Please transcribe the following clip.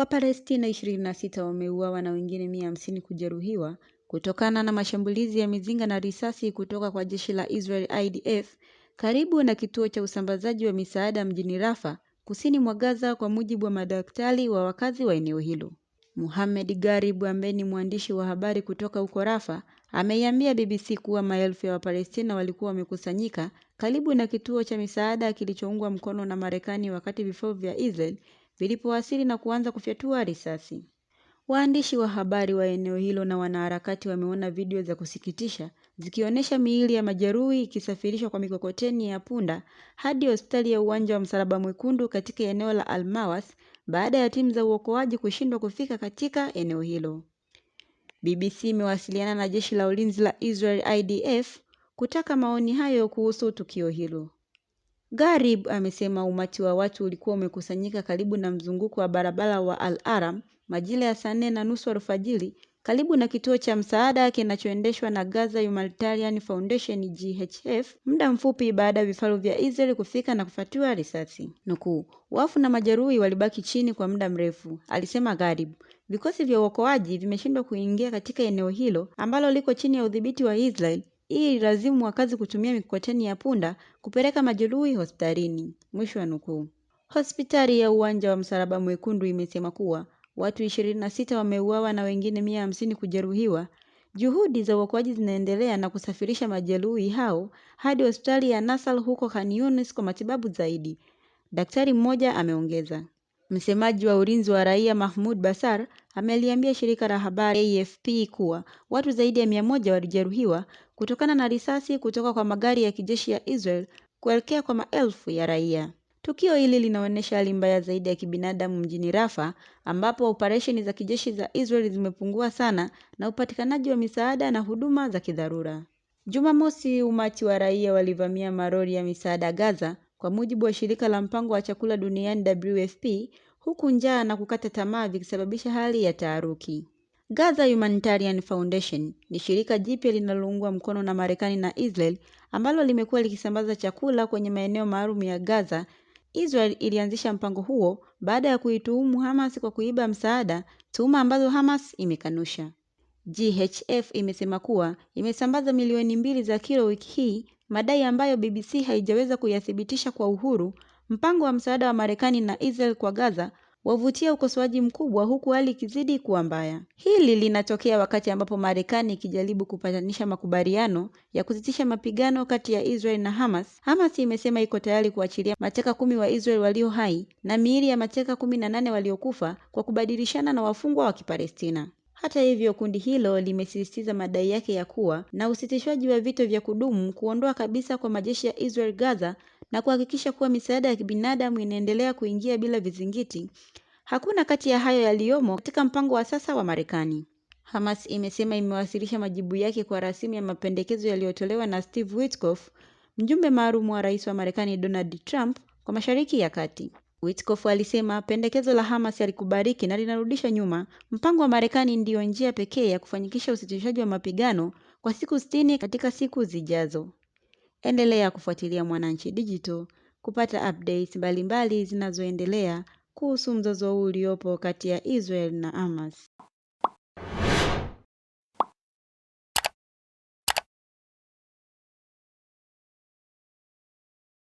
Wapalestina 26 wameuawa na wengine 150 kujeruhiwa kutokana na mashambulizi ya mizinga na risasi kutoka kwa jeshi la Israel IDF karibu na kituo cha usambazaji wa misaada mjini Rafa, kusini mwa Gaza kwa mujibu wa madaktari wa wakazi wa eneo hilo. Mohamed Garib ambaye ni mwandishi wa habari kutoka huko Rafa ameiambia BBC kuwa maelfu ya Wapalestina walikuwa wamekusanyika karibu na kituo cha misaada kilichoungwa mkono na Marekani wakati vifo vya Israel vilipowasili na kuanza kufyatua risasi. Waandishi wa habari wa eneo hilo na wanaharakati wameona video za kusikitisha zikionyesha miili ya majeruhi ikisafirishwa kwa mikokoteni ya punda hadi hospitali ya Uwanja wa Msalaba Mwekundu katika eneo la Almawas baada ya timu za uokoaji kushindwa kufika katika eneo hilo. BBC imewasiliana na jeshi la ulinzi la Israel IDF kutaka maoni hayo kuhusu tukio hilo. Gharib amesema umati wa watu ulikuwa umekusanyika karibu na mzunguko wa barabara wa Al-Aram majira ya saa nne na nusu alfajiri karibu na kituo cha msaada kinachoendeshwa na Gaza Humanitarian Foundation GHF, muda mfupi baada ya vifaru vya Israel kufika na kufatiwa risasi. Nukuu, wafu na majeruhi walibaki chini kwa muda mrefu, alisema Garib. Vikosi vya uokoaji vimeshindwa kuingia katika eneo hilo ambalo liko chini ya udhibiti wa Israel hii ilazimu wakazi kutumia mikokoteni ya punda kupeleka majeruhi hospitalini. Mwisho wa nukuu. Hospitali ya Uwanja wa Msalaba Mwekundu imesema kuwa watu ishirini na sita wameuawa na wengine mia hamsini kujeruhiwa. Juhudi za uokoaji zinaendelea na kusafirisha majeruhi hao hadi hospitali ya Nasal huko Khan kwa matibabu zaidi. Daktari mmoja ameongeza. Msemaji wa ulinzi wa raia Mahmoud Basar ameliambia shirika la habari AFP kuwa watu zaidi ya mia moja walijeruhiwa kutokana na risasi kutoka kwa magari ya kijeshi ya Israel kuelekea kwa maelfu ya raia. Tukio hili linaonyesha hali mbaya zaidi ya kibinadamu mjini Rafa ambapo operesheni za kijeshi za Israel zimepungua sana na upatikanaji wa misaada na huduma za kidharura. Jumamosi, umati wa raia walivamia malori ya misaada Gaza kwa mujibu wa shirika la mpango wa chakula duniani WFP, huku njaa na kukata tamaa vikisababisha hali ya taharuki. Gaza Humanitarian Foundation ni shirika jipya linaloungwa mkono na Marekani na Israel ambalo limekuwa likisambaza chakula kwenye maeneo maalum ya Gaza. Israel ilianzisha mpango huo baada ya kuituhumu Hamas kwa kuiba msaada, tuhuma ambazo Hamas imekanusha. GHF imesema kuwa imesambaza milioni mbili za kilo wiki hii, madai ambayo BBC haijaweza kuyathibitisha kwa uhuru. Mpango wa msaada wa Marekani na Israel kwa Gaza wavutia ukosoaji mkubwa huku hali ikizidi kuwa mbaya. Hili linatokea wakati ambapo Marekani ikijaribu kupatanisha makubaliano ya kusitisha mapigano kati ya Israel na Hamas. Hamas imesema iko tayari kuachilia mateka kumi wa Israel walio hai na miili ya mateka kumi na nane waliokufa kwa kubadilishana na wafungwa wa Kipalestina. Hata hivyo, kundi hilo limesisitiza madai yake ya kuwa na usitishwaji wa vita vya kudumu, kuondoa kabisa kwa majeshi ya Israel Gaza na kuhakikisha kuwa misaada ya kibinadamu inaendelea kuingia bila vizingiti. Hakuna kati ya hayo yaliyomo katika mpango wa sasa wa Marekani. Hamas imesema imewasilisha majibu yake kwa rasimu ya mapendekezo yaliyotolewa na Steve Witkoff, mjumbe maalum wa Rais wa Marekani Donald Trump kwa Mashariki ya Kati. Witkoff alisema pendekezo la Hamas halikubaliki na linarudisha nyuma mpango wa Marekani ndiyo njia pekee ya kufanikisha usitishaji wa mapigano kwa siku sitini katika siku zijazo. Endelea kufuatilia Mwananchi Digital kupata updates mbalimbali zinazoendelea kuhusu mzozo huu uliopo kati ya Israel na Hamas.